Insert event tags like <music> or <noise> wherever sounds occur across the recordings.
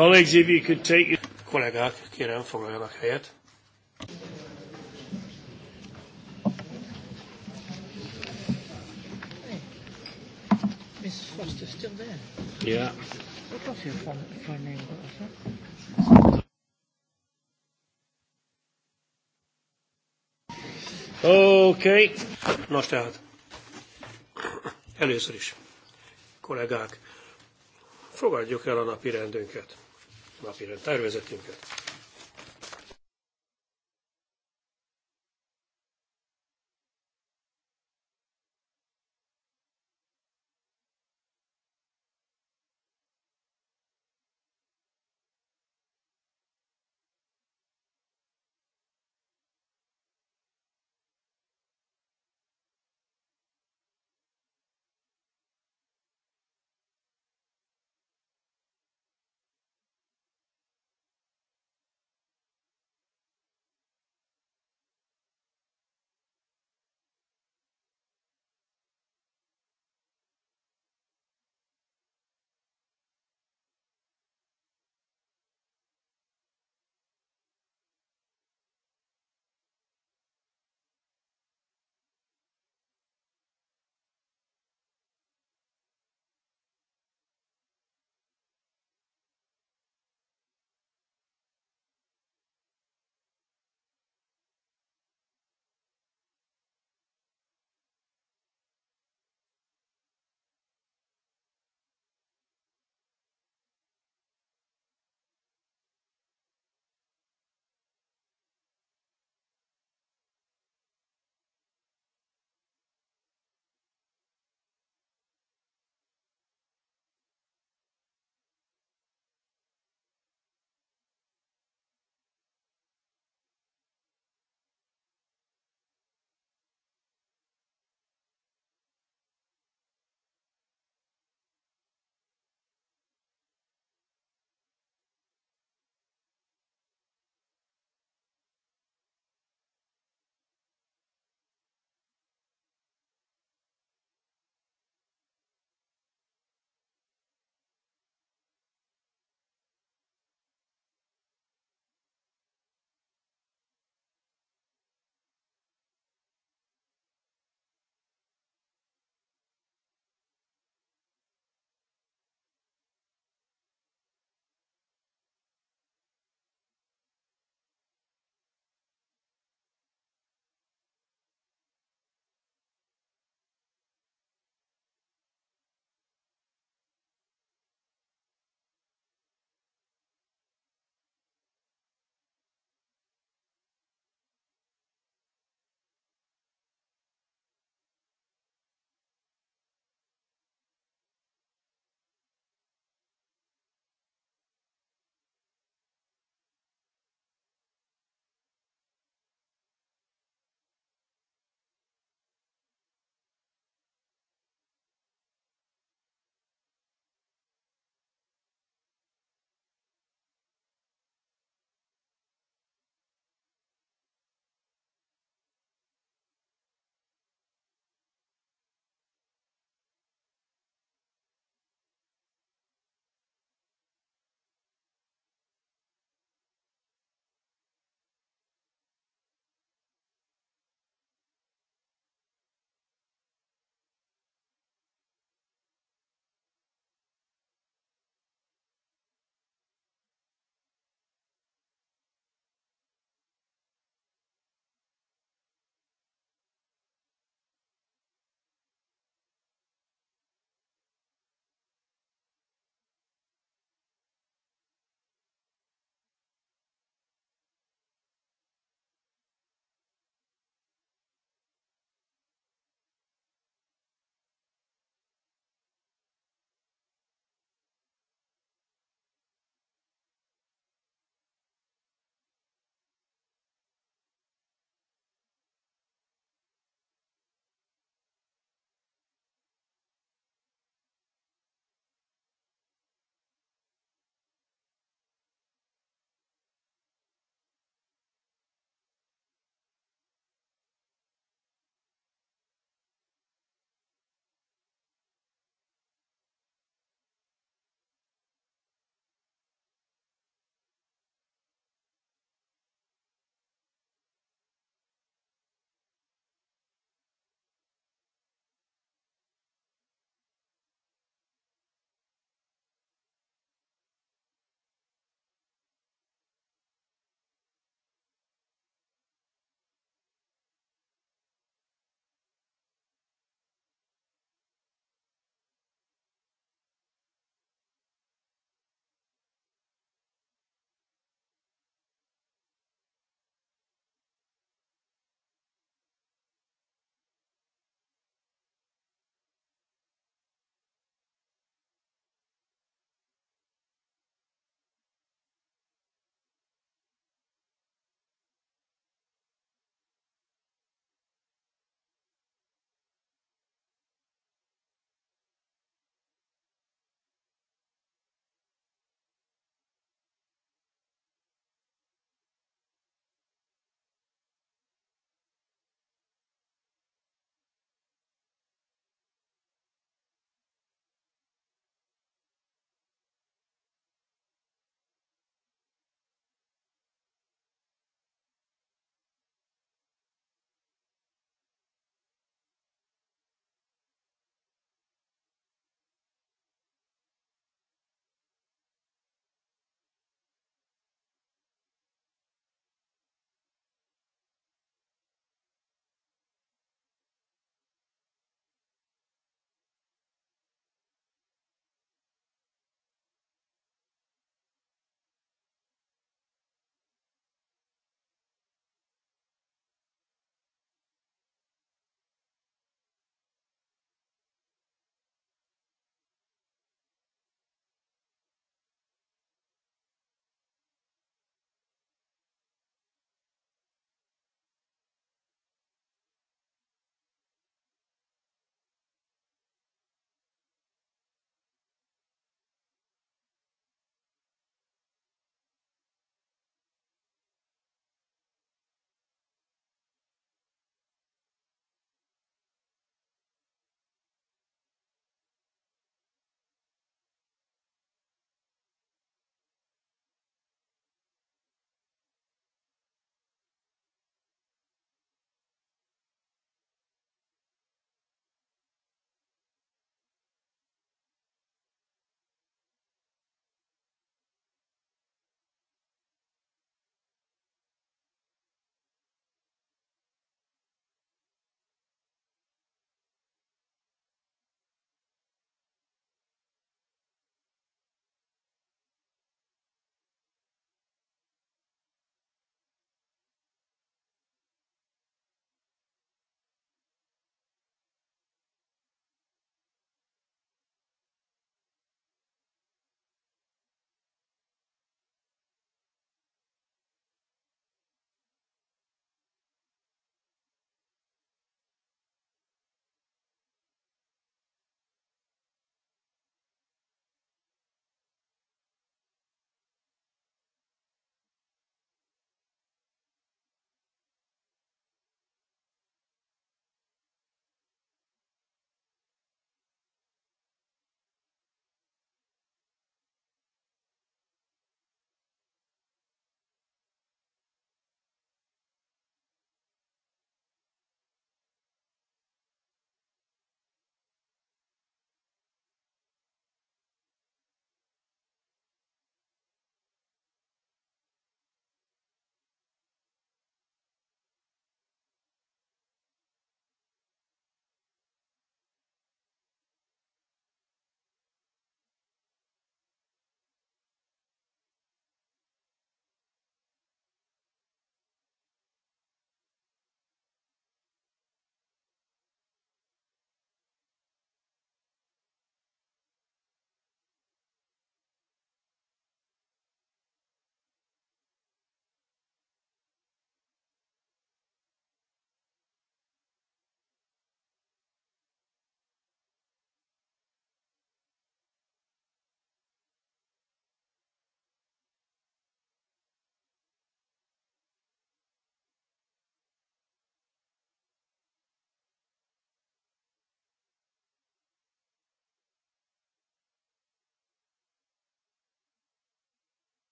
Colleagues, if you could take your... Kollégák, kérem, foglaljanak helyet. Miss still there. Yeah. Oké, Okay. Nos tehát, először is, kollégák, fogadjuk el a napi rendünket napirend tervezetünket.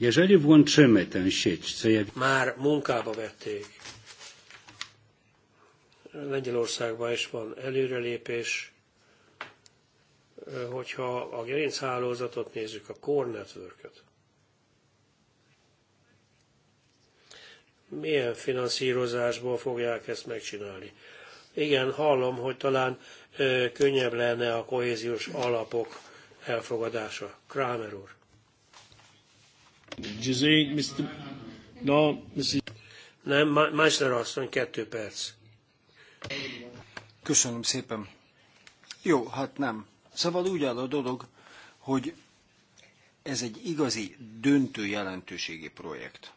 Jeżeli włączymy tę sieć, co ja... Már munkába vették. Lengyelországban is van előrelépés, hogyha a gerinchálózatot nézzük, a core -öt. Milyen finanszírozásból fogják ezt megcsinálni? Igen, hallom, hogy talán ö, könnyebb lenne a kohéziós alapok elfogadása. Kramer úr. Mr. Nem, Meissner asszony, kettő perc. Köszönöm szépen. Jó, hát nem. Szabad úgy áll a dolog, hogy ez egy igazi döntő jelentőségi projekt.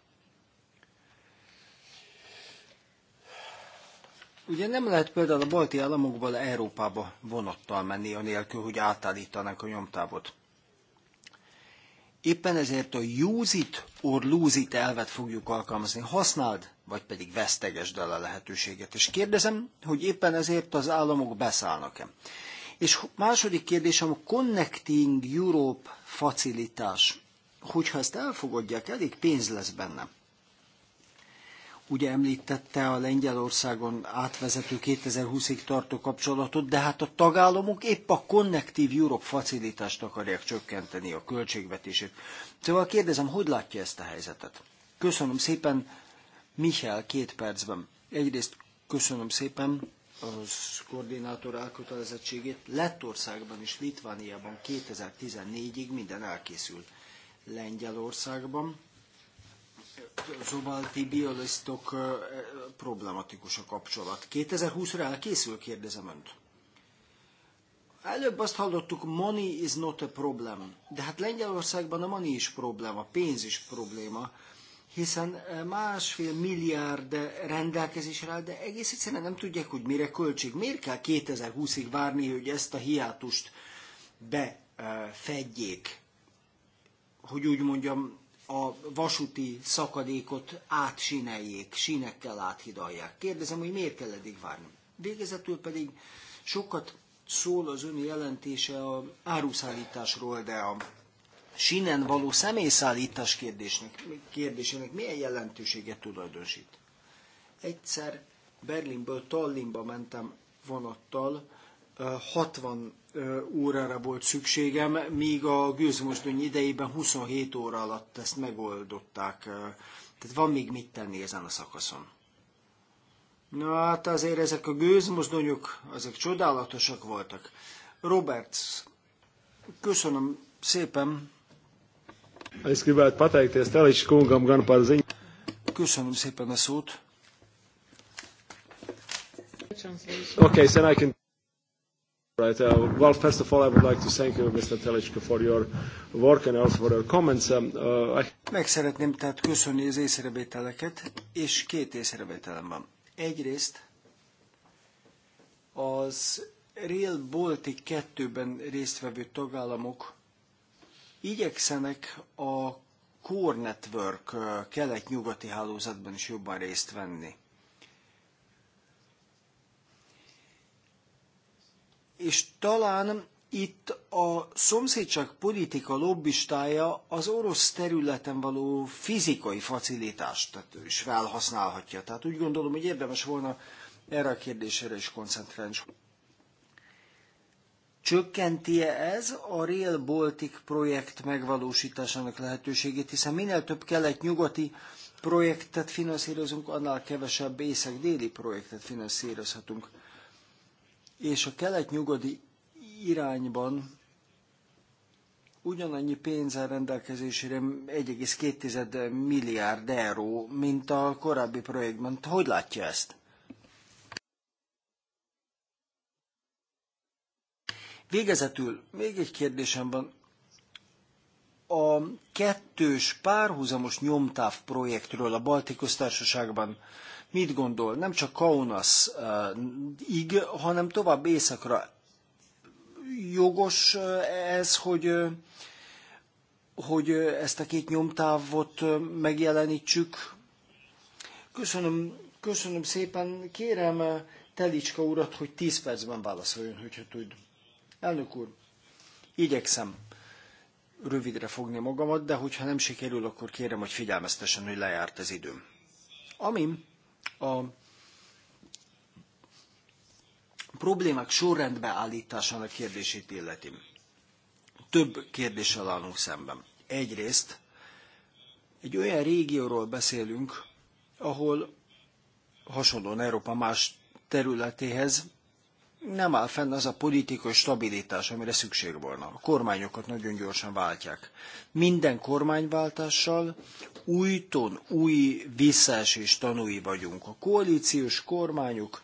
Ugye nem lehet például a balti államokból Európába vonattal menni, anélkül, hogy átállítanák a nyomtávot. Éppen ezért a use it or lose it elvet fogjuk alkalmazni. Használd, vagy pedig vesztegesd el a lehetőséget. És kérdezem, hogy éppen ezért az államok beszállnak-e. És második kérdésem a Connecting Europe facilitás. Hogyha ezt elfogadják, elég pénz lesz benne ugye említette a Lengyelországon átvezető 2020-ig tartó kapcsolatot, de hát a tagállamok épp a Connective Europe facilitást akarják csökkenteni a költségvetését. Szóval kérdezem, hogy látja ezt a helyzetet? Köszönöm szépen, Michel, két percben. Egyrészt köszönöm szépen az koordinátor elkötelezettségét. Lettországban és Litvániában 2014-ig minden elkészül. Lengyelországban Szóval ti Biolisztok problematikus a kapcsolat. 2020-ra elkészül, kérdezem önt. Előbb azt hallottuk, money is not a problem. De hát Lengyelországban a money is probléma, pénz is probléma, hiszen másfél milliárd rendelkezésre áll, de egész egyszerűen nem tudják, hogy mire költség. Miért kell 2020-ig várni, hogy ezt a hiátust befedjék? Hogy úgy mondjam, a vasúti szakadékot átsineljék, sínekkel áthidalják. Kérdezem, hogy miért kell eddig várni. Végezetül pedig sokat szól az ön jelentése a áruszállításról, de a sinen való személyszállítás kérdésnek, kérdésének milyen jelentőséget tulajdonsít? Egyszer Berlinből Tallinnba mentem vonattal, 60 órára volt szükségem, míg a gőzmozdony idejében 27 óra alatt ezt megoldották. Tehát van még mit tenni ezen a szakaszon. Na hát azért ezek a gőzmozdonyok, ezek csodálatosak voltak. Roberts, köszönöm szépen. Köszönöm szépen a szót. Okay, so I can... Right. Uh, well, first of all, I would like to thank you, Mr. Telicska, for your work and also for your comments. Um, uh, I... Meg szeretném tehát köszönni az észrevételeket, és két észrevételem van. Egyrészt az Rail Baltic 2-ben résztvevő tagállamok igyekszenek a Core Network uh, kelet-nyugati hálózatban is jobban részt venni. és talán itt a szomszédság politika lobbistája az orosz területen való fizikai facilitást is felhasználhatja. Tehát úgy gondolom, hogy érdemes volna erre a kérdésre is koncentrálni. csökkenti -e ez a Real Baltic projekt megvalósításának lehetőségét, hiszen minél több kelet-nyugati projektet finanszírozunk, annál kevesebb észak-déli projektet finanszírozhatunk és a kelet nyugodi irányban ugyanannyi pénzzel rendelkezésére 1,2 milliárd euró, mint a korábbi projektben. Hogy látja ezt? Végezetül még egy kérdésem van. A kettős párhuzamos nyomtáv projektről a Baltikus Társaságban mit gondol, nem csak Kaunas-ig, eh, hanem tovább északra. Jogos eh, ez, hogy eh, hogy ezt a két nyomtávot megjelenítsük. Köszönöm, köszönöm szépen. Kérem Telicska urat, hogy 10 percben válaszoljon, hogyha tud. Elnök úr, igyekszem rövidre fogni magamat, de hogyha nem sikerül, akkor kérem, hogy figyelmeztesen, hogy lejárt az időm. Ami a problémák sorrendbe állításának kérdését illeti. Több kérdéssel állunk szemben. Egyrészt egy olyan régióról beszélünk, ahol hasonlóan Európa más területéhez nem áll fenn az a politikai stabilitás, amire szükség volna. A kormányokat nagyon gyorsan váltják. Minden kormányváltással újton új visszás és tanúi vagyunk. A koalíciós kormányok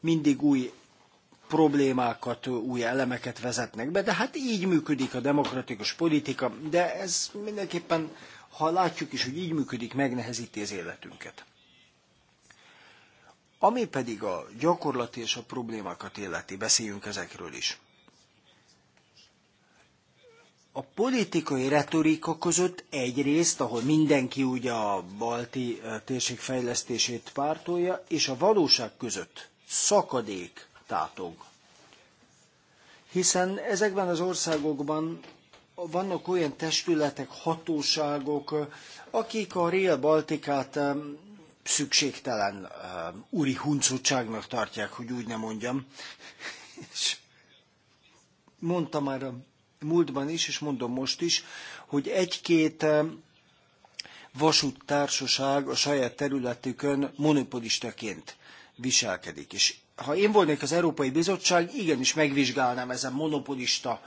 mindig új problémákat, új elemeket vezetnek be, de hát így működik a demokratikus politika, de ez mindenképpen, ha látjuk is, hogy így működik, megnehezíti az életünket. Ami pedig a gyakorlati és a problémákat illeti, beszéljünk ezekről is. A politikai retorika között egyrészt, ahol mindenki ugye a balti eh, térség fejlesztését pártolja, és a valóság között szakadék tátog. Hiszen ezekben az országokban vannak olyan testületek, hatóságok, akik a Real Baltikát szükségtelen uh, úri huncutságnak tartják, hogy úgy nem mondjam. <laughs> és mondtam már a múltban is, és mondom most is, hogy egy-két um, vasúttársaság a saját területükön monopolistaként viselkedik. És ha én volnék az Európai Bizottság, igenis megvizsgálnám ezen monopolista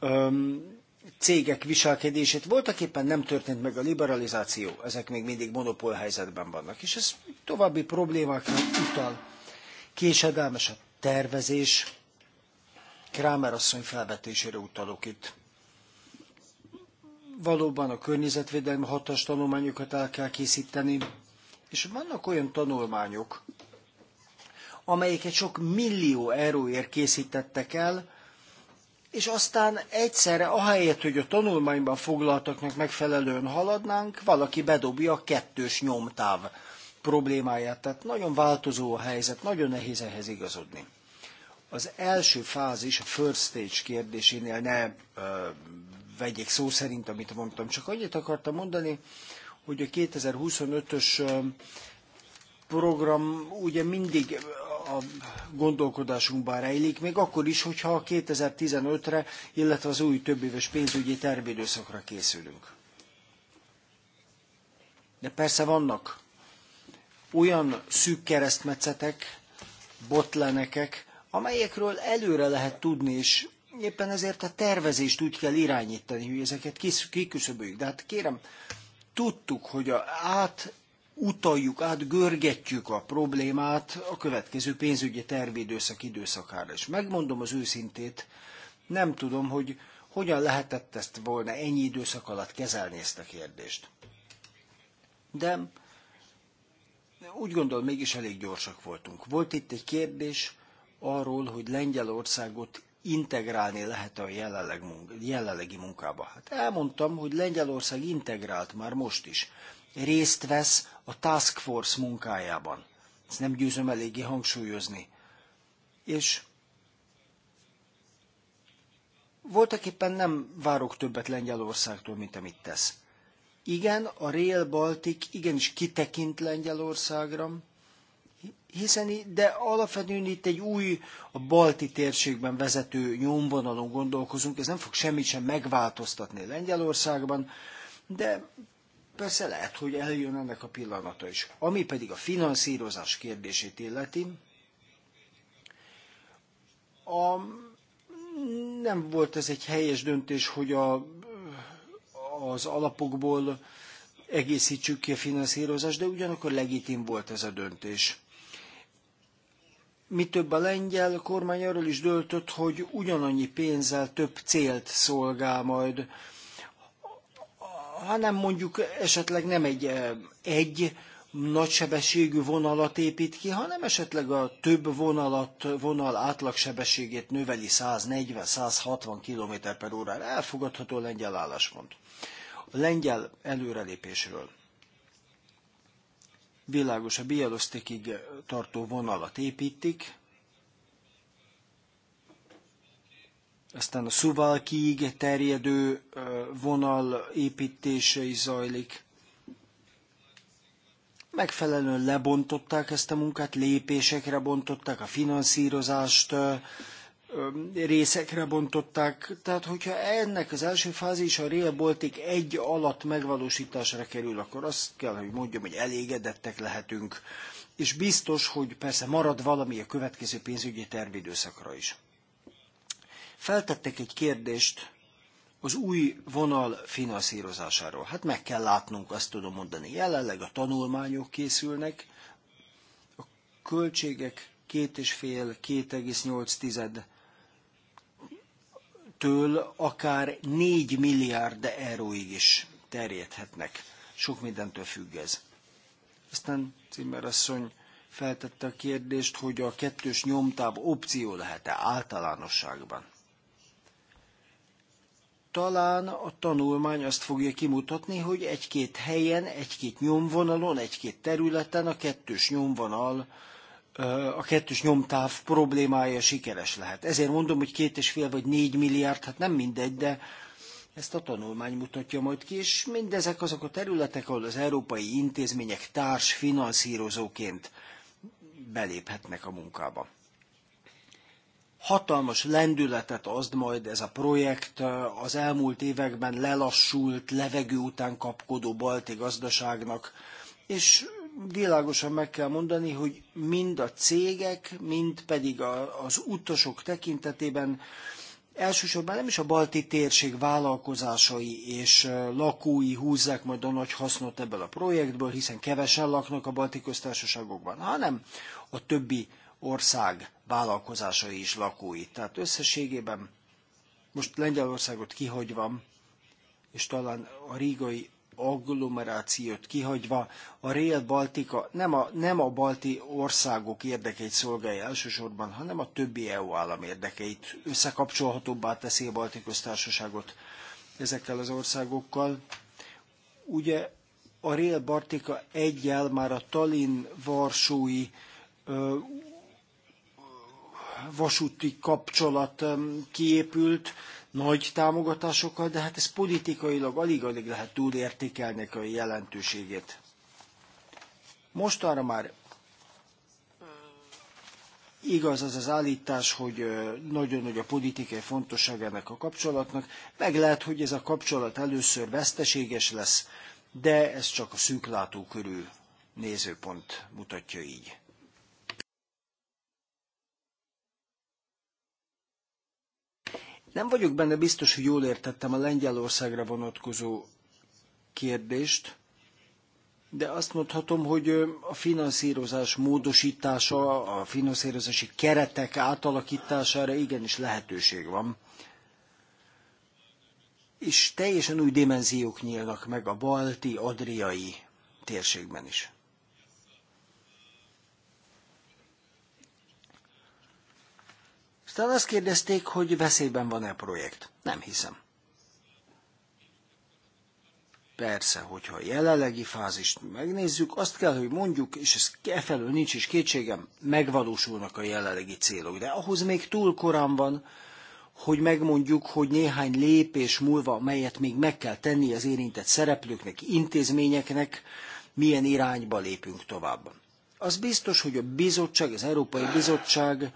um, cégek viselkedését. Voltak éppen nem történt meg a liberalizáció, ezek még mindig monopól helyzetben vannak, és ez további problémákra utal. Késedelmes a tervezés, Krámer asszony felvetésére utalok itt. Valóban a környezetvédelmi hatás tanulmányokat el kell készíteni, és vannak olyan tanulmányok, amelyeket sok millió euróért készítettek el, és aztán egyszerre, ahelyett, hogy a tanulmányban foglaltaknak megfelelően haladnánk, valaki bedobja a kettős nyomtáv problémáját. Tehát nagyon változó a helyzet, nagyon nehéz ehhez igazodni. Az első fázis, a first stage kérdésénél ne ö, vegyék szó szerint, amit mondtam, csak annyit akartam mondani, hogy a 2025-ös program ugye mindig a gondolkodásunkban rejlik, még akkor is, hogyha 2015-re, illetve az új többéves pénzügyi tervidőszakra készülünk. De persze vannak olyan szűk keresztmetszetek, botlenekek, amelyekről előre lehet tudni, és éppen ezért a tervezést úgy kell irányítani, hogy ezeket kiküszöböljük. De hát kérem, tudtuk, hogy a át utaljuk át, görgetjük a problémát a következő pénzügyi tervidőszak időszakára. És megmondom az őszintét, nem tudom, hogy hogyan lehetett ezt volna ennyi időszak alatt kezelni ezt a kérdést. De úgy gondolom, mégis elég gyorsak voltunk. Volt itt egy kérdés arról, hogy Lengyelországot integrálni lehet a jelenleg, jelenlegi munkába. Hát elmondtam, hogy Lengyelország integrált már most is részt vesz a Task Force munkájában. Ezt nem győzöm eléggé hangsúlyozni. És voltak éppen nem várok többet Lengyelországtól, mint amit tesz. Igen, a Rail Baltic igenis kitekint Lengyelországra, hiszen de alapvetően itt egy új, a balti térségben vezető nyomvonalon gondolkozunk, ez nem fog semmit sem megváltoztatni Lengyelországban, de Persze lehet, hogy eljön ennek a pillanata is. Ami pedig a finanszírozás kérdését illeti, a, nem volt ez egy helyes döntés, hogy a, az alapokból egészítsük ki a finanszírozást, de ugyanakkor legitim volt ez a döntés. Mi több a lengyel kormány arról is döltött, hogy ugyanannyi pénzzel több célt szolgál majd hanem mondjuk esetleg nem egy, egy nagysebességű vonalat épít ki, hanem esetleg a több vonalat, vonal átlagsebességét növeli 140-160 km per órára. Elfogadható a lengyel álláspont. A lengyel előrelépésről világos a bielosztékig tartó vonalat építik, Aztán a Szuvalkiig terjedő vonal építése is zajlik. Megfelelően lebontották ezt a munkát, lépésekre bontották, a finanszírozást részekre bontották. Tehát, hogyha ennek az első fázis a Real Baltic egy alatt megvalósításra kerül, akkor azt kell, hogy mondjam, hogy elégedettek lehetünk és biztos, hogy persze marad valami a következő pénzügyi tervidőszakra is. Feltettek egy kérdést az új vonal finanszírozásáról. Hát meg kell látnunk, azt tudom mondani. Jelenleg a tanulmányok készülnek, a költségek két és 2,5-2,8 től akár 4 milliárd euróig is terjedhetnek. Sok mindentől függ ez. Aztán Cimmer asszony feltette a kérdést, hogy a kettős nyomtáv opció lehet-e általánosságban talán a tanulmány azt fogja kimutatni, hogy egy-két helyen, egy-két nyomvonalon, egy-két területen a kettős nyomvonal, a kettős nyomtáv problémája sikeres lehet. Ezért mondom, hogy két és fél vagy négy milliárd, hát nem mindegy, de ezt a tanulmány mutatja majd ki, és mindezek azok a területek, ahol az európai intézmények társfinanszírozóként beléphetnek a munkába hatalmas lendületet ad majd ez a projekt eh, az elmúlt években lelassult, levegő után kapkodó balti gazdaságnak, és világosan meg kell mondani, hogy mind a cégek, mind pedig az utasok tekintetében elsősorban nem is a balti térség vállalkozásai és eh, lakói húzzák majd a nagy hasznot ebből a projektből, hiszen kevesen laknak a balti köztársaságokban, hanem a többi ország vállalkozásai és lakói. Tehát összességében most Lengyelországot kihagyva, és talán a rígai agglomerációt kihagyva, a Rail Baltica nem a, nem a balti országok érdekeit szolgálja elsősorban, hanem a többi EU állam érdekeit. Összekapcsolhatóbbá teszi a balti köztársaságot ezekkel az országokkal. Ugye a Rail Baltica egyel már a Tallinn-Varsói vasúti kapcsolat kiépült nagy támogatásokkal, de hát ez politikailag alig-alig lehet túlértékelni a jelentőségét. Mostanra már igaz az az állítás, hogy nagyon nagy a politikai fontosság ennek a kapcsolatnak. Meg lehet, hogy ez a kapcsolat először veszteséges lesz, de ez csak a szűklátó körül nézőpont mutatja így. Nem vagyok benne biztos, hogy jól értettem a Lengyelországra vonatkozó kérdést, de azt mondhatom, hogy a finanszírozás módosítása, a finanszírozási keretek átalakítására igenis lehetőség van. És teljesen új dimenziók nyílnak meg a balti, adriai térségben is. Aztán azt kérdezték, hogy veszélyben van-e a projekt. Nem hiszem. Persze, hogyha a jelenlegi fázist megnézzük, azt kell, hogy mondjuk, és ez efelől nincs is kétségem, megvalósulnak a jelenlegi célok. De ahhoz még túl korán van, hogy megmondjuk, hogy néhány lépés múlva, melyet még meg kell tenni az érintett szereplőknek, intézményeknek, milyen irányba lépünk tovább. Az biztos, hogy a bizottság, az Európai Bizottság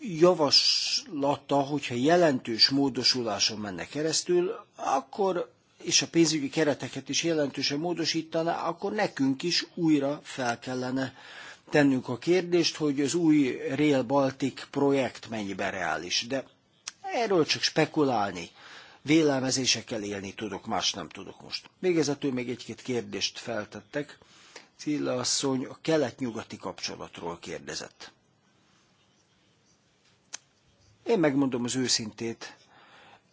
javaslata, hogyha jelentős módosuláson menne keresztül, akkor és a pénzügyi kereteket is jelentősen módosítaná, akkor nekünk is újra fel kellene tennünk a kérdést, hogy az új Rail Baltic projekt mennyibe reális. De erről csak spekulálni, vélelmezésekkel élni tudok, más nem tudok most. Végezetül még egy-két kérdést feltettek. Cilla asszony a kelet-nyugati kapcsolatról kérdezett. Én megmondom az őszintét,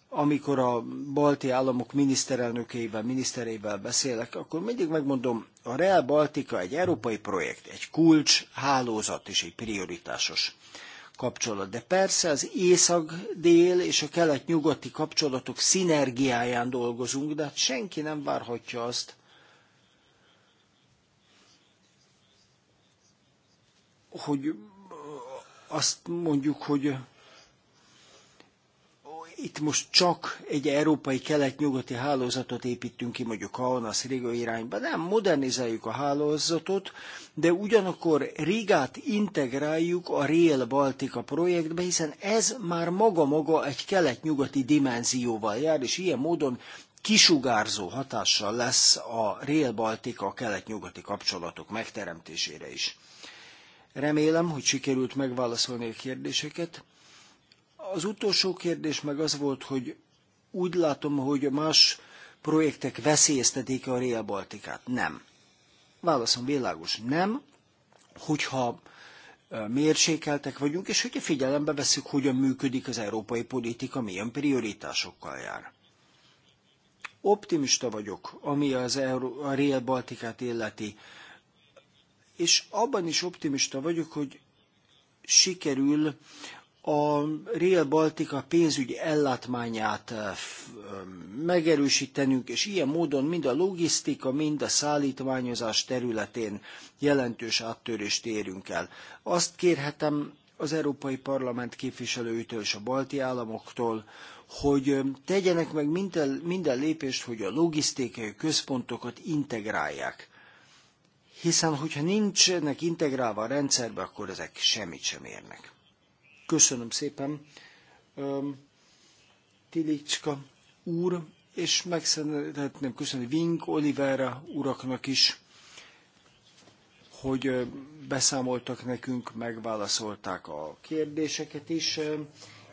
amikor a balti államok miniszterelnökeivel, minisztereivel beszélek, akkor mindig megmondom, a Real Baltica egy európai projekt, egy kulcs, hálózat és egy prioritásos kapcsolat. De persze az észak-dél és a kelet-nyugati kapcsolatok szinergiáján dolgozunk, de hát senki nem várhatja azt, hogy azt mondjuk, hogy itt most csak egy európai kelet-nyugati hálózatot építünk ki, mondjuk Kaunas Riga irányba. Nem, modernizáljuk a hálózatot, de ugyanakkor Rigát integráljuk a Rail Baltica projektbe, hiszen ez már maga-maga egy kelet-nyugati dimenzióval jár, és ilyen módon kisugárzó hatással lesz a Rail Baltica kelet-nyugati kapcsolatok megteremtésére is. Remélem, hogy sikerült megválaszolni a kérdéseket. Az utolsó kérdés meg az volt, hogy úgy látom, hogy más projektek veszélyeztetik a Rail Baltikát. Nem. Válaszom világos, nem. Hogyha mérsékeltek vagyunk, és hogyha figyelembe veszük, hogyan működik az európai politika, milyen prioritásokkal jár. Optimista vagyok, ami az Euró- a Rail Baltikát illeti, és abban is optimista vagyok, hogy sikerül a Rail Baltica pénzügyi ellátmányát eh, eh, megerősítenünk, és ilyen módon mind a logisztika, mind a szállítmányozás területén jelentős áttörést érünk el. Azt kérhetem az Európai Parlament képviselőitől és a balti államoktól, hogy eh, tegyenek meg minden, minden lépést, hogy a logisztikai központokat integrálják. Hiszen, hogyha nincsenek integrálva a rendszerbe, akkor ezek semmit sem érnek. Köszönöm szépen, Tilicska úr, és meg szeretném köszönni Wing Olivera uraknak is, hogy beszámoltak nekünk, megválaszolták a kérdéseket is,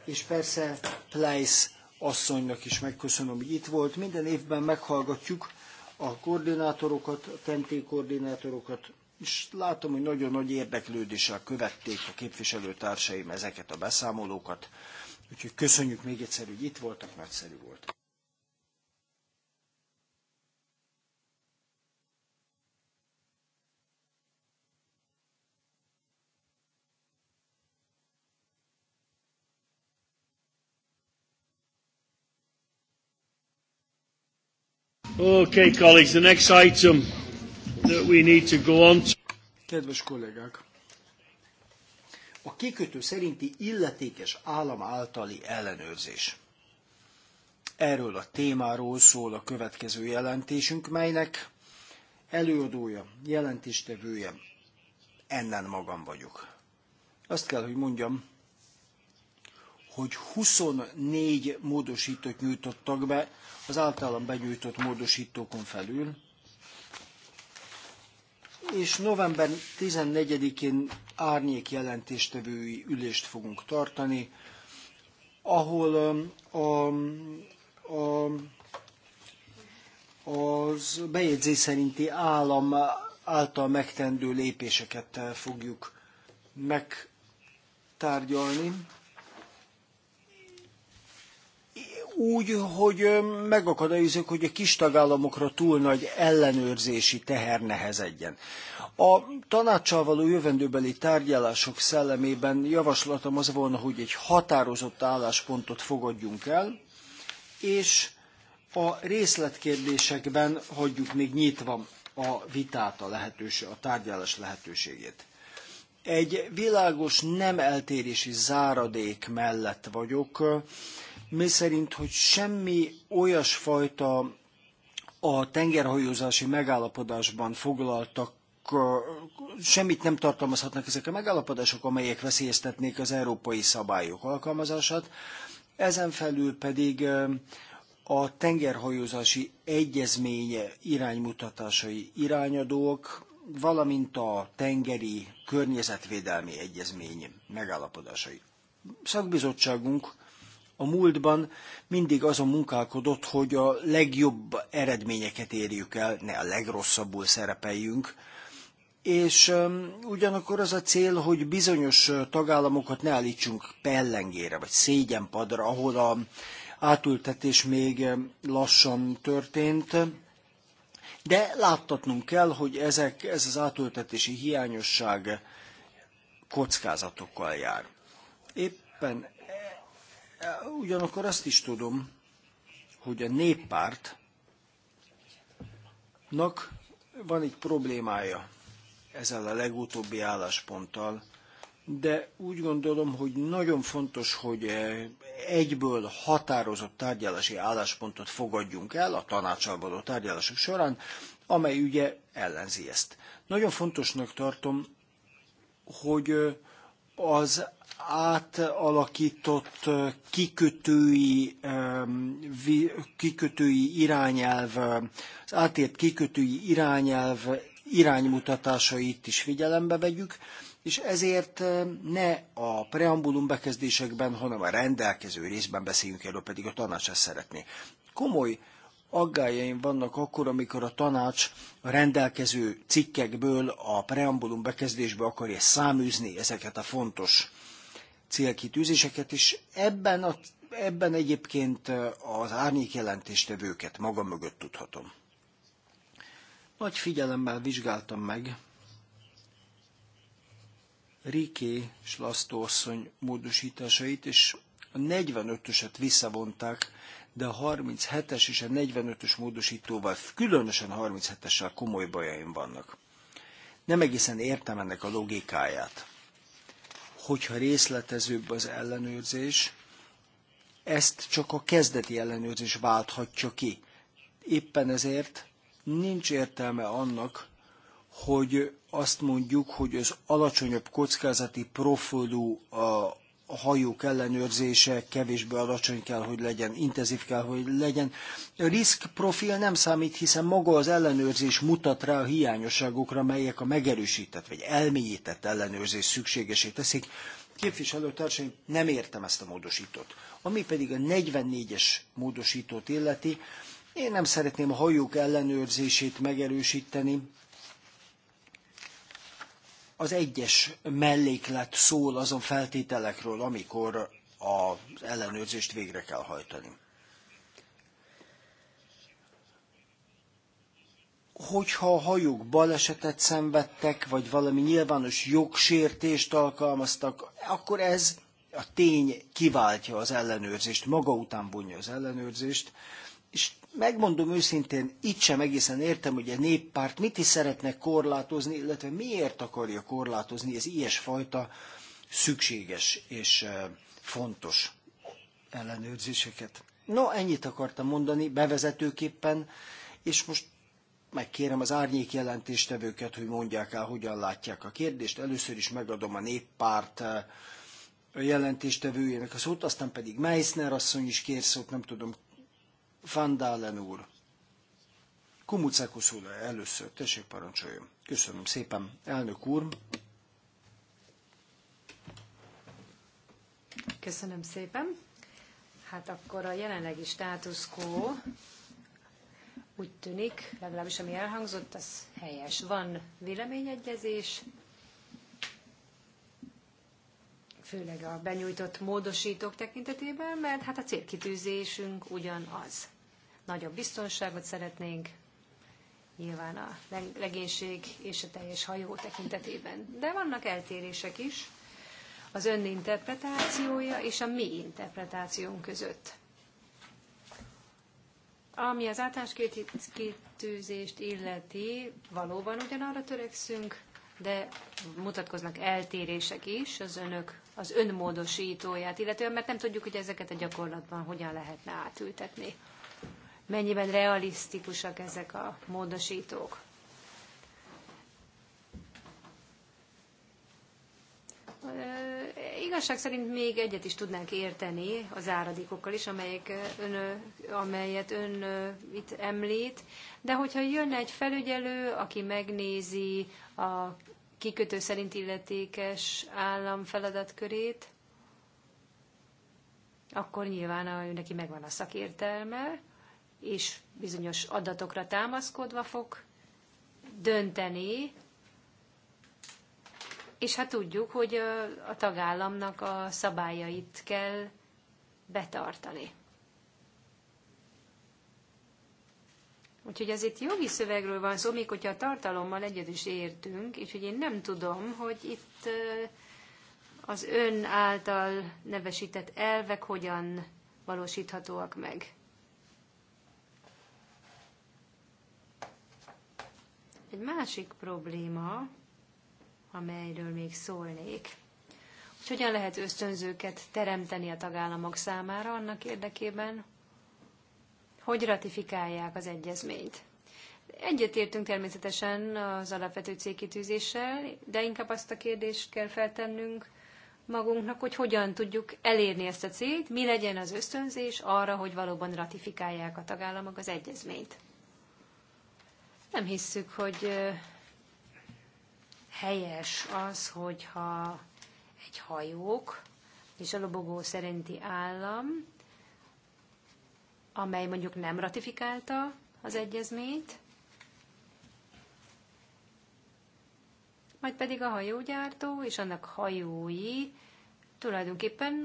és persze Place asszonynak is megköszönöm, hogy itt volt. Minden évben meghallgatjuk a koordinátorokat, a TNT koordinátorokat, és látom, hogy nagyon nagy érdeklődéssel követték a képviselőtársaim ezeket a beszámolókat. Úgyhogy köszönjük még egyszer, hogy itt voltak, nagyszerű volt. Okay, colleagues, the next item that we need to go on to. Kedves kollégák! A kikötő szerinti illetékes állam általi ellenőrzés. Erről a témáról szól a következő jelentésünk, melynek előadója, jelentéstevője, ennen magam vagyok. Azt kell, hogy mondjam, hogy 24 módosítót nyújtottak be az általam benyújtott módosítókon felül, és november 14-én árnyék jelentéstevői ülést fogunk tartani, ahol um, a, um, a, az bejegyzés szerinti állam által megtendő lépéseket fogjuk megtárgyalni. úgy, hogy megakadályozzuk, hogy a kis tagállamokra túl nagy ellenőrzési teher nehezedjen. A tanácssal való jövendőbeli tárgyalások szellemében javaslatom az volna, hogy egy határozott álláspontot fogadjunk el, és a részletkérdésekben hagyjuk még nyitva a vitát, a, lehetőség, a tárgyalás lehetőségét. Egy világos nem eltérési záradék mellett vagyok, mi szerint, hogy semmi olyasfajta a tengerhajózási megállapodásban foglaltak semmit nem tartalmazhatnak ezek a megállapodások, amelyek veszélyeztetnék az európai szabályok alkalmazását. Ezen felül pedig a tengerhajózási egyezménye iránymutatásai irányadók, valamint a tengeri környezetvédelmi egyezmény megállapodásai. Szakbizottságunk a múltban mindig azon munkálkodott, hogy a legjobb eredményeket érjük el, ne a legrosszabbul szerepeljünk, és ugyanakkor az a cél, hogy bizonyos tagállamokat ne állítsunk pellengére, vagy szégyenpadra, ahol a átültetés még lassan történt, de láttatnunk kell, hogy ezek, ez az átültetési hiányosság kockázatokkal jár. Éppen Ugyanakkor azt is tudom, hogy a néppártnak van egy problémája ezzel a legutóbbi állásponttal, de úgy gondolom, hogy nagyon fontos, hogy eh, egyből határozott tárgyalási álláspontot fogadjunk el a tanácsal való tárgyalások során, amely ugye ellenzi ezt. Nagyon fontosnak tartom, hogy eh, az átalakított kikötői, kikötői irányelv, az átért kikötői irányelv iránymutatásait is figyelembe vegyük, és ezért ne a preambulum bekezdésekben, hanem a rendelkező részben beszéljünk erről, pedig a tanács ezt szeretné. Komoly aggájaim vannak akkor, amikor a tanács a rendelkező cikkekből, a preambulum bekezdésbe akarja száműzni ezeket a fontos célkitűzéseket, és ebben, a, ebben egyébként az árnyék jelentéstevőket maga mögött tudhatom. Nagy figyelemmel vizsgáltam meg Riké és Lasztó asszony módosításait, és a 45-öset visszavonták, de a 37-es és a 45-ös módosítóval, különösen a 37-essel komoly bajaim vannak. Nem egészen értem ennek a logikáját hogyha részletezőbb az ellenőrzés, ezt csak a kezdeti ellenőrzés válthatja ki. Éppen ezért nincs értelme annak, hogy azt mondjuk, hogy az alacsonyabb kockázati profilú a hajók ellenőrzése kevésbé alacsony kell, hogy legyen, intenzív kell, hogy legyen. A risk profil nem számít, hiszen maga az ellenőrzés mutat rá a hiányosságokra, melyek a megerősített vagy elmélyített ellenőrzés szükségesé teszik. Képviselőtársaim, nem értem ezt a módosítót. Ami pedig a 44-es módosítót illeti, én nem szeretném a hajók ellenőrzését megerősíteni, az egyes melléklet szól azon feltételekről, amikor az ellenőrzést végre kell hajtani. hogyha a hajók balesetet szenvedtek, vagy valami nyilvános jogsértést alkalmaztak, akkor ez a tény kiváltja az ellenőrzést, maga után vonja az ellenőrzést, és megmondom őszintén, itt sem egészen értem, hogy a néppárt mit is szeretne korlátozni, illetve miért akarja korlátozni ez ilyesfajta szükséges és eh, fontos ellenőrzéseket. No, ennyit akartam mondani bevezetőképpen, és most megkérem az árnyék jelentéstevőket, hogy mondják el, hogyan látják a kérdést. Először is megadom a néppárt eh, jelentéstevőjének a szót, aztán pedig Meissner asszony is kér szót, nem tudom, van Dalen úr. Kumucákos úr először, tessék parancsoljon. Köszönöm szépen, elnök úr. Köszönöm szépen. Hát akkor a jelenlegi status quo úgy tűnik, legalábbis ami elhangzott, az helyes. Van véleményegyezés, főleg a benyújtott módosítók tekintetében, mert hát a célkitűzésünk ugyanaz nagyobb biztonságot szeretnénk, nyilván a legénység és a teljes hajó tekintetében. De vannak eltérések is az ön interpretációja és a mi interpretációnk között. Ami az általános kitűzést illeti, valóban ugyanarra törekszünk, de mutatkoznak eltérések is az önök, az önmódosítóját, illetően mert nem tudjuk, hogy ezeket a gyakorlatban hogyan lehetne átültetni mennyiben realisztikusak ezek a módosítók. Igazság szerint még egyet is tudnánk érteni az áradékokkal is, amelyek ön, amelyet ön itt említ, de hogyha jön egy felügyelő, aki megnézi a kikötő szerint illetékes állam feladatkörét, akkor nyilván a, neki megvan a szakértelme, és bizonyos adatokra támaszkodva fog dönteni, és hát tudjuk, hogy a tagállamnak a szabályait kell betartani. Úgyhogy ez itt jogi szövegről van szó, még hogyha a tartalommal egyet is értünk, és hogy én nem tudom, hogy itt az ön által nevesített elvek hogyan valósíthatóak meg. Egy másik probléma, amelyről még szólnék, hogy hogyan lehet ösztönzőket teremteni a tagállamok számára annak érdekében, hogy ratifikálják az egyezményt. Egyetértünk természetesen az alapvető cégkitűzéssel, de inkább azt a kérdést kell feltennünk magunknak, hogy hogyan tudjuk elérni ezt a célt, mi legyen az ösztönzés arra, hogy valóban ratifikálják a tagállamok az egyezményt. Nem hisszük, hogy helyes az, hogyha egy hajók és a lobogó szerinti állam, amely mondjuk nem ratifikálta az egyezményt, majd pedig a hajógyártó és annak hajói tulajdonképpen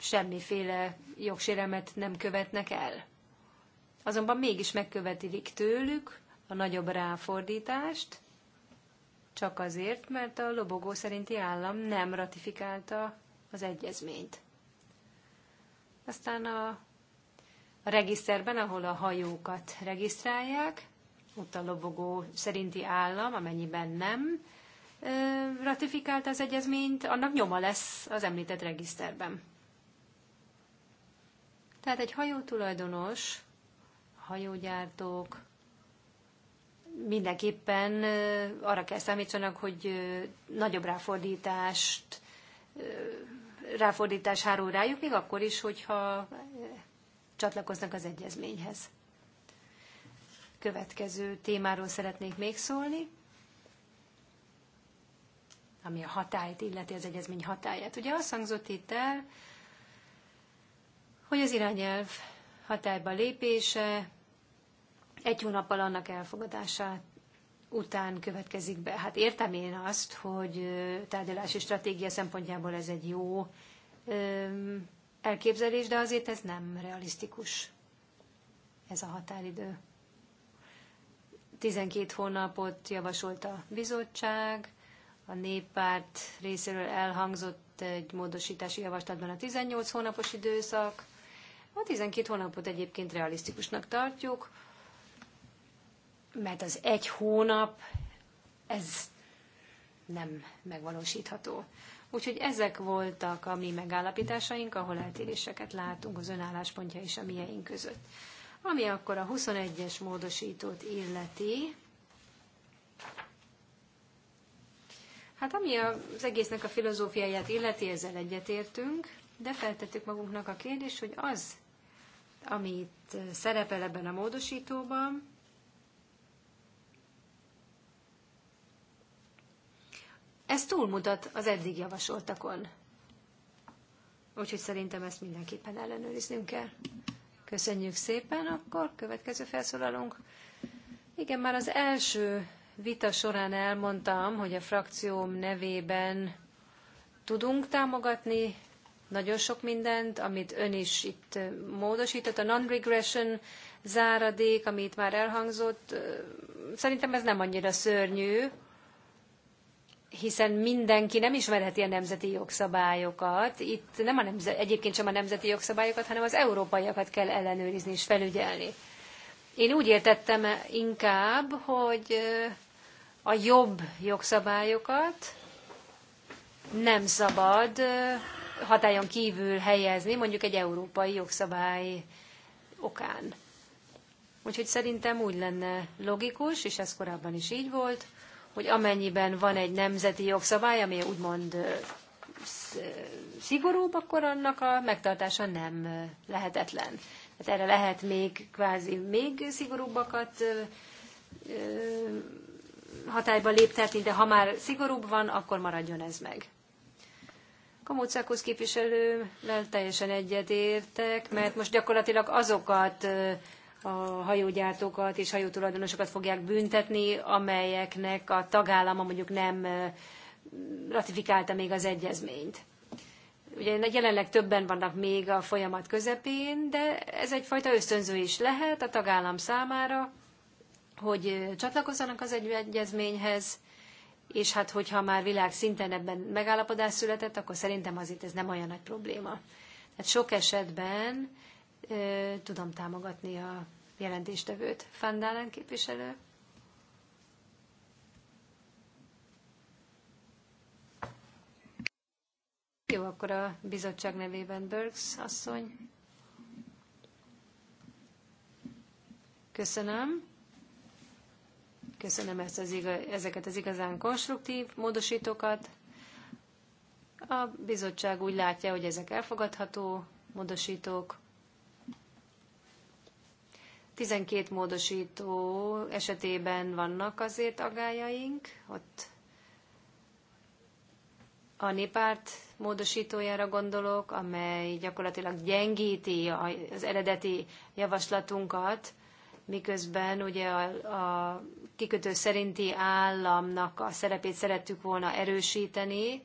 semmiféle jogsérelmet nem követnek el azonban mégis megkövetelik tőlük a nagyobb ráfordítást, csak azért, mert a lobogó szerinti állam nem ratifikálta az egyezményt. Aztán a, a regiszterben, ahol a hajókat regisztrálják, ott a lobogó szerinti állam, amennyiben nem ratifikált ratifikálta az egyezményt, annak nyoma lesz az említett regiszterben. Tehát egy hajótulajdonos hajógyártók mindenképpen arra kell számítsanak, hogy nagyobb ráfordítást, ráfordítás hárul rájuk, még akkor is, hogyha csatlakoznak az egyezményhez. Következő témáról szeretnék még szólni, ami a hatályt illeti, az egyezmény hatáját. Ugye azt hangzott itt el, hogy az irányelv hatályba lépése egy hónappal annak elfogadását után következik be. Hát értem én azt, hogy tárgyalási stratégia szempontjából ez egy jó elképzelés, de azért ez nem realisztikus, ez a határidő. 12 hónapot javasolt a bizottság, a néppárt részéről elhangzott egy módosítási javaslatban a 18 hónapos időszak, a 12 hónapot egyébként realisztikusnak tartjuk, mert az egy hónap, ez nem megvalósítható. Úgyhogy ezek voltak a mi megállapításaink, ahol eltéréseket látunk az önálláspontja és a mieink között. Ami akkor a 21-es módosítót illeti, hát ami az egésznek a filozófiáját illeti, ezzel egyetértünk, de feltettük magunknak a kérdést, hogy az amit eh, szerepel ebben a módosítóban, ez túlmutat az eddig javasoltakon. Úgyhogy szerintem ezt mindenképpen ellenőriznünk kell. Köszönjük szépen, akkor következő felszólalunk. Igen, már az első vita során elmondtam, hogy a frakcióm nevében tudunk támogatni nagyon sok mindent, amit ön is itt módosított, a non-regression záradék, ami itt már elhangzott, szerintem ez nem annyira szörnyű, hiszen mindenki nem ismerheti a nemzeti jogszabályokat. Itt nem a nemze- egyébként sem a nemzeti jogszabályokat, hanem az európaiakat kell ellenőrizni és felügyelni. Én úgy értettem inkább, hogy a jobb jogszabályokat nem szabad hatályon kívül helyezni, mondjuk egy európai jogszabály okán. Úgyhogy szerintem úgy lenne logikus, és ez korábban is így volt, hogy amennyiben van egy nemzeti jogszabály, ami úgymond szigorúbb, akkor annak a megtartása nem lehetetlen. Hát erre lehet még kvázi még szigorúbbakat hatályba léptetni, de ha már szigorúbb van, akkor maradjon ez meg. Kamócákhoz képviselővel teljesen egyetértek, mert most gyakorlatilag azokat a hajógyártókat és hajótulajdonosokat fogják büntetni, amelyeknek a tagállama mondjuk nem ratifikálta még az egyezményt. Ugye jelenleg többen vannak még a folyamat közepén, de ez egyfajta ösztönző is lehet a tagállam számára, hogy csatlakozzanak az egyezményhez, és hát hogyha már világ szinten ebben megállapodás született, akkor szerintem az itt ez nem olyan nagy probléma. Tehát sok esetben ö, tudom támogatni a jelentéstevőt. Fandálán képviselő. Jó, akkor a bizottság nevében Bergs asszony. Köszönöm. Köszönöm ezt az ezeket az igazán konstruktív módosítókat. A bizottság úgy látja, hogy ezek elfogadható módosítók. 12 módosító esetében vannak azért agályaink, ott a népárt módosítójára gondolok, amely gyakorlatilag gyengíti az eredeti javaslatunkat, miközben ugye a, a kikötő szerinti államnak a szerepét szerettük volna erősíteni,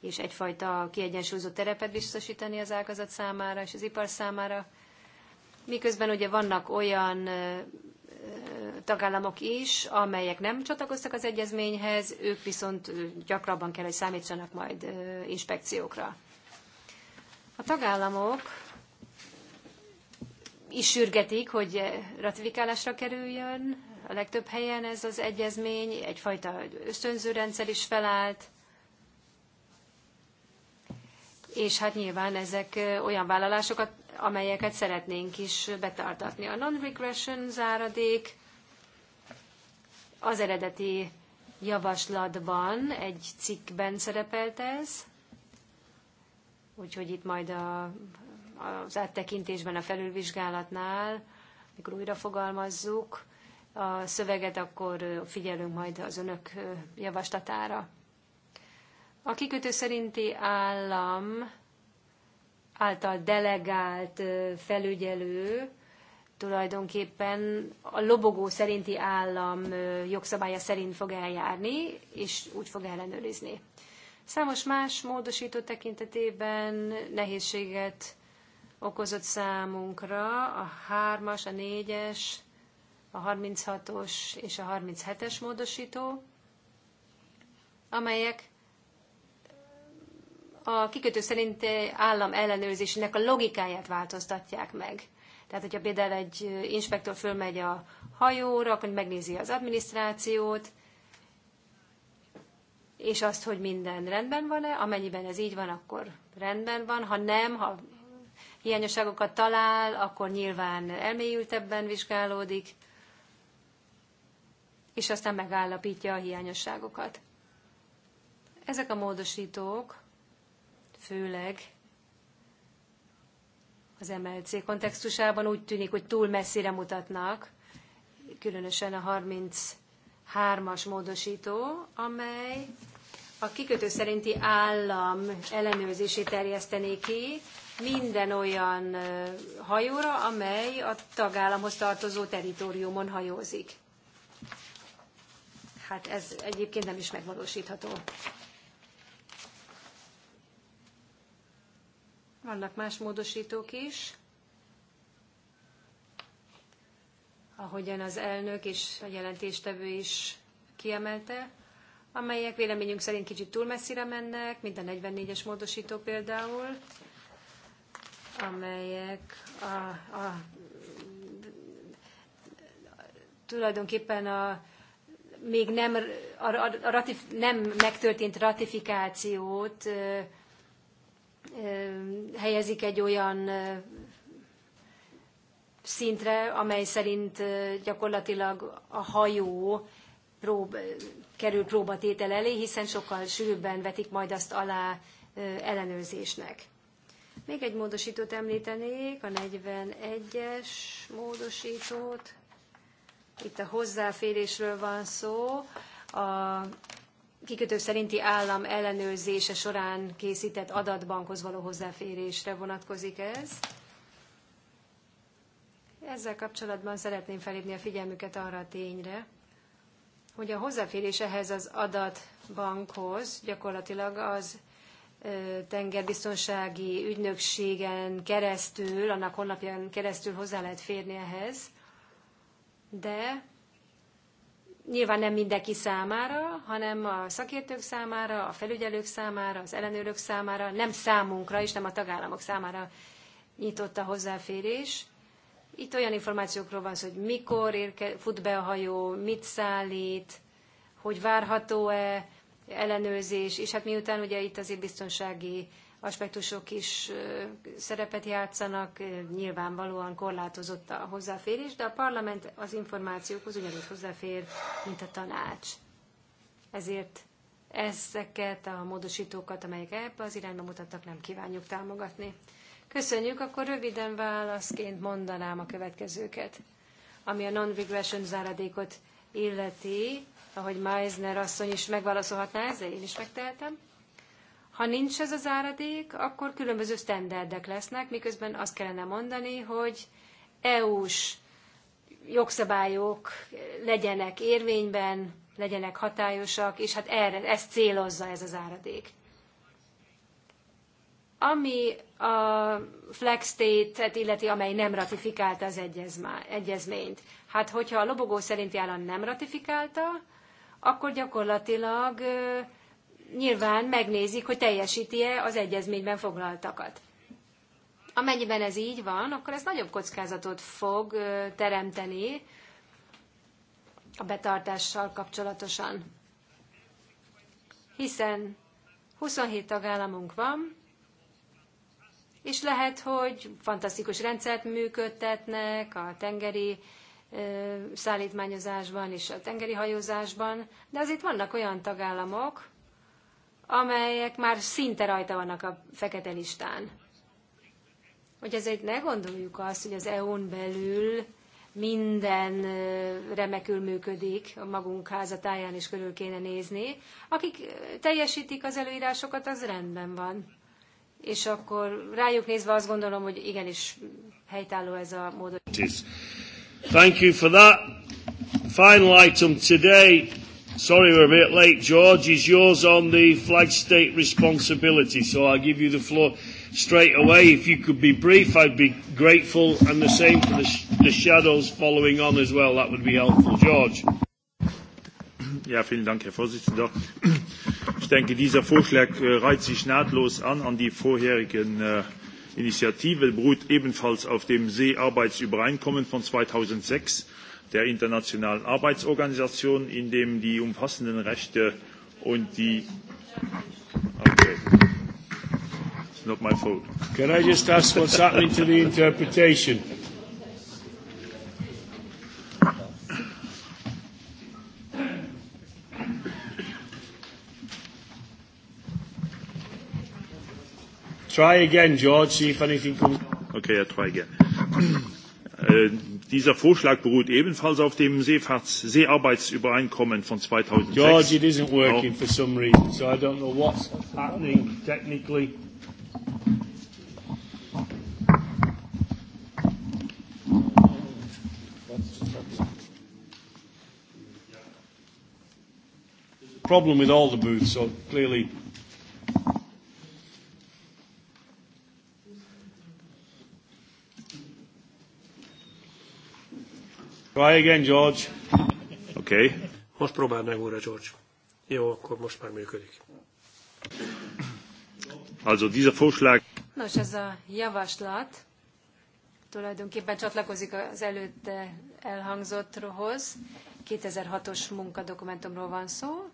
és egyfajta kiegyensúlyozott terepet biztosítani az ágazat számára és az ipar számára. Miközben ugye vannak olyan tagállamok is, amelyek nem csatlakoztak az egyezményhez, ők viszont gyakrabban kell, hogy számítsanak majd inspekciókra. A tagállamok is sürgetik, hogy ratifikálásra kerüljön. A legtöbb helyen ez az egyezmény, egyfajta ösztönző rendszer is felállt. És hát nyilván ezek olyan vállalásokat, amelyeket szeretnénk is betartatni. A non-regression záradék az eredeti javaslatban egy cikkben szerepelt ez, úgyhogy itt majd a az áttekintésben, a felülvizsgálatnál, mikor újra fogalmazzuk a szöveget, akkor figyelünk majd az önök javaslatára. A kikötő szerinti állam által delegált felügyelő tulajdonképpen a lobogó szerinti állam jogszabálya szerint fog eljárni, és úgy fog ellenőrizni. Számos más módosító tekintetében nehézséget okozott számunkra a 3-as, a 4-es, a 36-os és a 37-es módosító, amelyek a kikötő szerint állam ellenőrzésének a logikáját változtatják meg. Tehát, hogyha például egy inspektor fölmegy a hajóra, akkor megnézi az adminisztrációt, és azt, hogy minden rendben van-e, amennyiben ez így van, akkor rendben van, ha nem, ha hiányosságokat talál, akkor nyilván elmélyültebben vizsgálódik, és aztán megállapítja a hiányosságokat. Ezek a módosítók főleg az MLC kontextusában úgy tűnik, hogy túl messzire mutatnak, különösen a 33-as módosító, amely a kikötő szerinti állam ellenőrzését terjesztené ki, minden olyan hajóra, amely a tagállamhoz tartozó teritoriumon hajózik. Hát ez egyébként nem is megvalósítható. Vannak más módosítók is. Ahogyan az elnök és a jelentéstevő is kiemelte, amelyek véleményünk szerint kicsit túl messzire mennek, mint a 44-es módosító például, amelyek a, a, tulajdonképpen a még nem, a, a, a ratif, nem megtörtént ratifikációt ö, ö, helyezik egy olyan ö, szintre, amely szerint gyakorlatilag a hajó prób, kerül próbatétel elé, hiszen sokkal sűrűbben vetik majd azt alá ellenőrzésnek. Még egy módosítót említenék, a 41-es módosítót. Itt a hozzáférésről van szó. A kikötő szerinti állam ellenőrzése során készített adatbankhoz való hozzáférésre vonatkozik ez. Ezzel kapcsolatban szeretném felhívni a figyelmüket arra a tényre, hogy a hozzáférés ehhez az adatbankhoz gyakorlatilag az tengerbiztonsági ügynökségen keresztül, annak honlapján keresztül hozzá lehet férni ehhez, de nyilván nem mindenki számára, hanem a szakértők számára, a felügyelők számára, az ellenőrök számára, nem számunkra és nem a tagállamok számára nyitott a hozzáférés. Itt olyan információkról van szó, hogy mikor érke, fut be a hajó, mit szállít, hogy várható-e ellenőrzés, és hát miután ugye itt azért biztonsági aspektusok is szerepet játszanak, nyilvánvalóan korlátozott a hozzáférés, de a parlament az információkhoz ugyanúgy hozzáfér, mint a tanács. Ezért ezeket a módosítókat, amelyek ebbe az irányba mutattak, nem kívánjuk támogatni. Köszönjük, akkor röviden válaszként mondanám a következőket. Ami a non-regression záradékot illeti, ahogy Meisner asszony is megválaszolhatná ezzel, én is megtehetem. Ha nincs ez az áradék, akkor különböző standardek lesznek, miközben azt kellene mondani, hogy EU-s jogszabályok legyenek érvényben, legyenek hatályosak, és hát erre, ezt célozza ez az áradék. Ami a Flex State-et illeti, amely nem ratifikálta az egyezményt. Hát hogyha a lobogó szerinti állam nem ratifikálta, akkor gyakorlatilag nyilván megnézik, hogy teljesíti-e az egyezményben foglaltakat. Amennyiben ez így van, akkor ez nagyobb kockázatot fog teremteni a betartással kapcsolatosan. Hiszen 27 tagállamunk van, és lehet, hogy fantasztikus rendszert működtetnek a tengeri szállítmányozásban és a tengeri hajózásban, de azért vannak olyan tagállamok, amelyek már szinte rajta vannak a fekete listán. Hogy ezért ne gondoljuk azt, hogy az EU-n belül minden remekül működik, a magunk házatáján is körül kéne nézni. Akik teljesítik az előírásokat, az rendben van. És akkor rájuk nézve azt gondolom, hogy igenis helytálló ez a módosítás. Thank you for that. Final item today, sorry we're a bit late, George, is yours on the flag state responsibility. So I'll give you the floor straight away. If you could be brief, I'd be grateful. And the same for the, sh- the shadows following on as well. That would be helpful. George. Ja, vielen Dank, Herr Vorsitzender. Ich denke, dieser Vorschlag äh, reiht sich nahtlos an an die vorherigen äh, Initiative beruht ebenfalls auf dem Seearbeitsübereinkommen von 2006 der Internationalen Arbeitsorganisation, in dem die umfassenden Rechte und die okay. It's not my fault. Can I just ask what's happening to the interpretation? Try again, George, see if anything comes. Okay, I try again. Äh, dieser Vorschlag beruht ebenfalls auf dem Seefahrts Seearbeitsübereinkommen von 2006. George, it isn't working for some reason, so I don't know what's happening technically. problem with all the booths, so clearly Try again, George. Okay. Most próbáld meg újra, George. Jó, akkor most már működik. Also dieser Vorschlag... Nos, ez a javaslat tulajdonképpen csatlakozik az előtte elhangzotthoz. 2006-os munkadokumentumról van szó,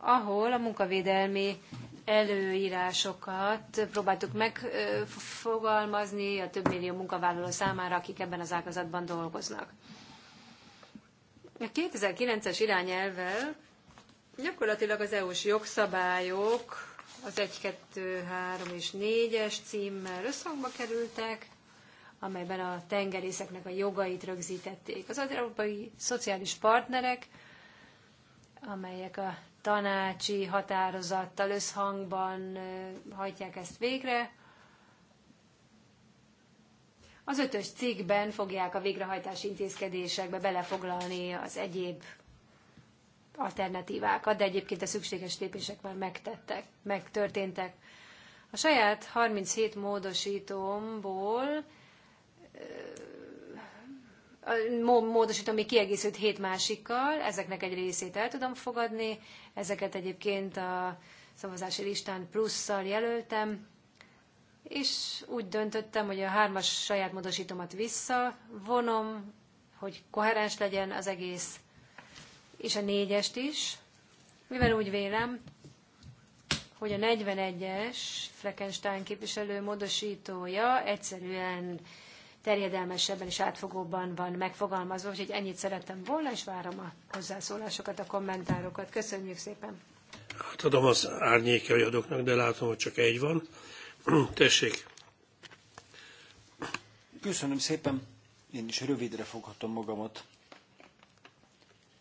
ahol a munkavédelmi előírásokat próbáltuk megfogalmazni a több millió munkavállaló számára, akik ebben az ágazatban dolgoznak. A 2009-es irányelvvel gyakorlatilag az EU-s jogszabályok az 1, 2, 3 és 4-es címmel összhangba kerültek, amelyben a tengerészeknek a jogait rögzítették. Az európai szociális partnerek, amelyek a tanácsi határozattal összhangban hajtják ezt végre, az ötös cikkben fogják a végrehajtási intézkedésekbe belefoglalni az egyéb alternatívákat, de egyébként a szükséges lépések már megtettek, megtörténtek. A saját 37 módosítómból módosítom még kiegészült hét másikkal, ezeknek egy részét el tudom fogadni, ezeket egyébként a szavazási listán plusszal jelöltem, és úgy döntöttem, hogy a hármas saját módosítomat visszavonom, hogy koherens legyen az egész, és a négyest is, mivel úgy vélem, hogy a 41-es Fleckenstein képviselő módosítója egyszerűen terjedelmesebben és átfogóbban van megfogalmazva, úgyhogy ennyit szerettem volna, és várom a hozzászólásokat, a kommentárokat. Köszönjük szépen! Hát adom az adoknak, de látom, hogy csak egy van. <clears throat> Tessék. Köszönöm szépen. Én is rövidre foghatom magamat.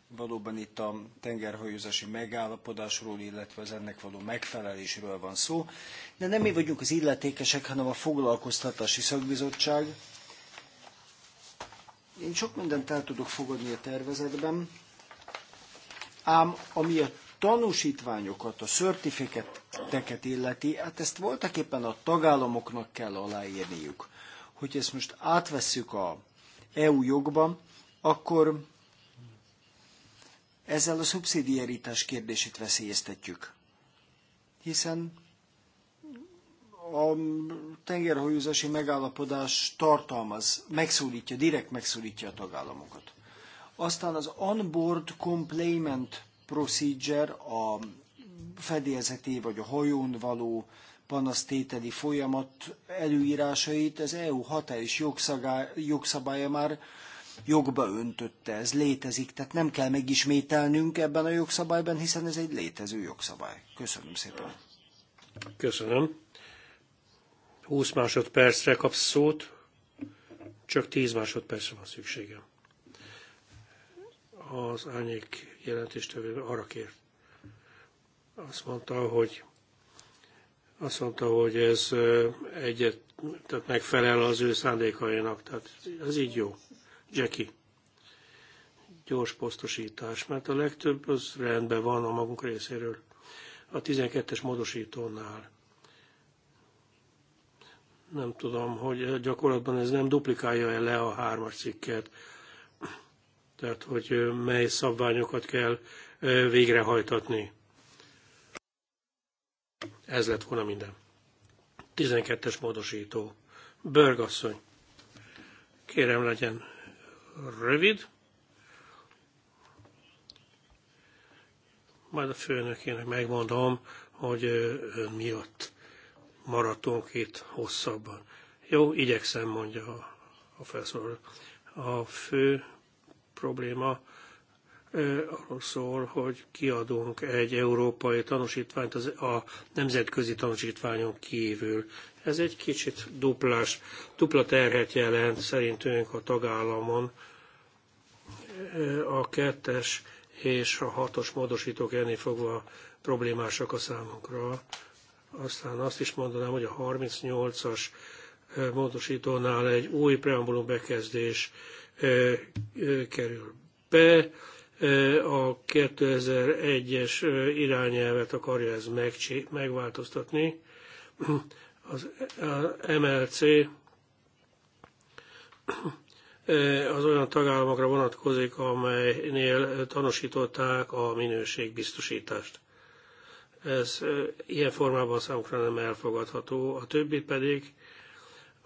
Valóban itt a tengerhajózási megállapodásról, illetve az ennek való megfelelésről van szó. De nem mi vagyunk az illetékesek, hanem a foglalkoztatási szakbizottság. Én sok mindent el tudok fogadni a tervezetben, ám ami a tanúsítványokat, a szörtifiketeket illeti, hát ezt voltak éppen a tagállamoknak kell aláírniuk. Hogy ezt most átvesszük a EU jogban, akkor ezzel a szubszidiaritás kérdését veszélyeztetjük. Hiszen a tengerhajózási megállapodás tartalmaz, megszólítja, direkt megszólítja a tagállamokat. Aztán az onboard complaint procedure, a fedélzeti vagy a hajón való panasztételi folyamat előírásait az EU hatályos jogszabálya már jogba öntötte, ez létezik, tehát nem kell megismételnünk ebben a jogszabályban, hiszen ez egy létező jogszabály. Köszönöm szépen. Köszönöm. 20 másodpercre kapsz szót, csak 10 másodpercre van szükségem az árnyék jelentéstevő arra kért. Azt mondta, hogy azt mondta, hogy ez egyet, tehát megfelel az ő szándékainak. Tehát ez így jó. Jackie. Gyors posztosítás, mert a legtöbb az rendben van a magunk részéről. A 12-es módosítónál. Nem tudom, hogy gyakorlatban ez nem duplikálja-e le a hármas cikket tehát hogy mely szabványokat kell végrehajtatni. Ez lett volna minden. 12-es módosító. Börgasszony. Kérem legyen rövid. Majd a főnökének megmondom, hogy ön miatt maradtunk itt hosszabban. Jó, igyekszem, mondja a, a felszólaló. A fő probléma arról szól, hogy kiadunk egy európai tanúsítványt az, a nemzetközi tanúsítványon kívül. Ez egy kicsit duplás, dupla terhet jelent szerintünk a tagállamon. A kettes és a hatos módosítók ennél fogva problémásak a számunkra. Aztán azt is mondanám, hogy a 38-as módosítónál egy új preambulum bekezdés kerül be. A 2001-es irányelvet akarja ez megváltoztatni. Az MLC az olyan tagállamokra vonatkozik, amelynél tanúsították a minőségbiztosítást. Ez ilyen formában számukra nem elfogadható, a többi pedig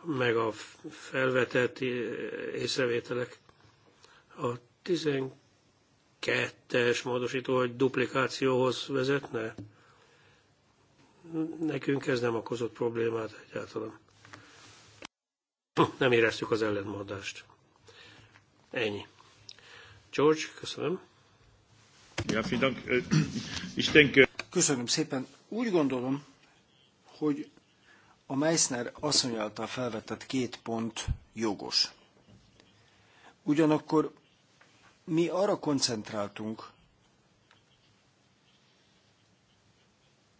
meg a felvetett észrevételek. A 12-es módosító, hogy duplikációhoz vezetne? Nekünk ez nem okozott problémát egyáltalán. Nem éreztük az ellentmondást. Ennyi. George, köszönöm. Ja, <clears throat> Köszönöm szépen. Úgy gondolom, hogy a Meissner asszony által felvetett két pont jogos. Ugyanakkor mi arra koncentráltunk,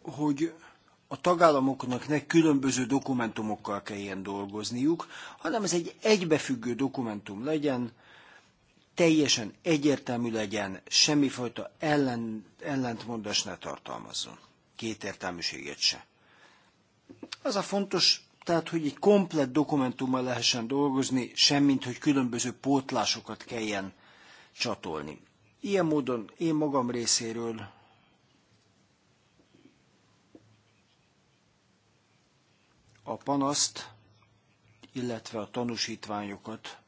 hogy a tagállamoknak ne különböző dokumentumokkal kelljen dolgozniuk, hanem ez egy egybefüggő dokumentum legyen, teljesen egyértelmű legyen, semmifajta ellen, ellentmondást ne tartalmazzon. Kétértelműséget se. Az a fontos, tehát, hogy egy komplett dokumentummal lehessen dolgozni, semmint, hogy különböző pótlásokat kelljen csatolni. Ilyen módon én magam részéről a panaszt, illetve a tanúsítványokat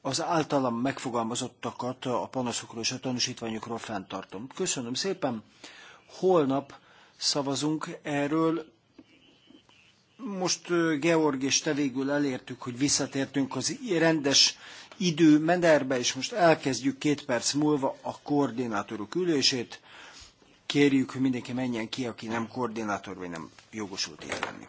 az általam megfogalmazottakat a panaszokról és a tanúsítványokról fenntartom. Köszönöm szépen! Holnap szavazunk erről. Most Georg és te végül elértük, hogy visszatértünk az rendes idő mederbe, és most elkezdjük két perc múlva a koordinátorok ülését. Kérjük, hogy mindenki menjen ki, aki nem koordinátor, vagy nem jogosult élni.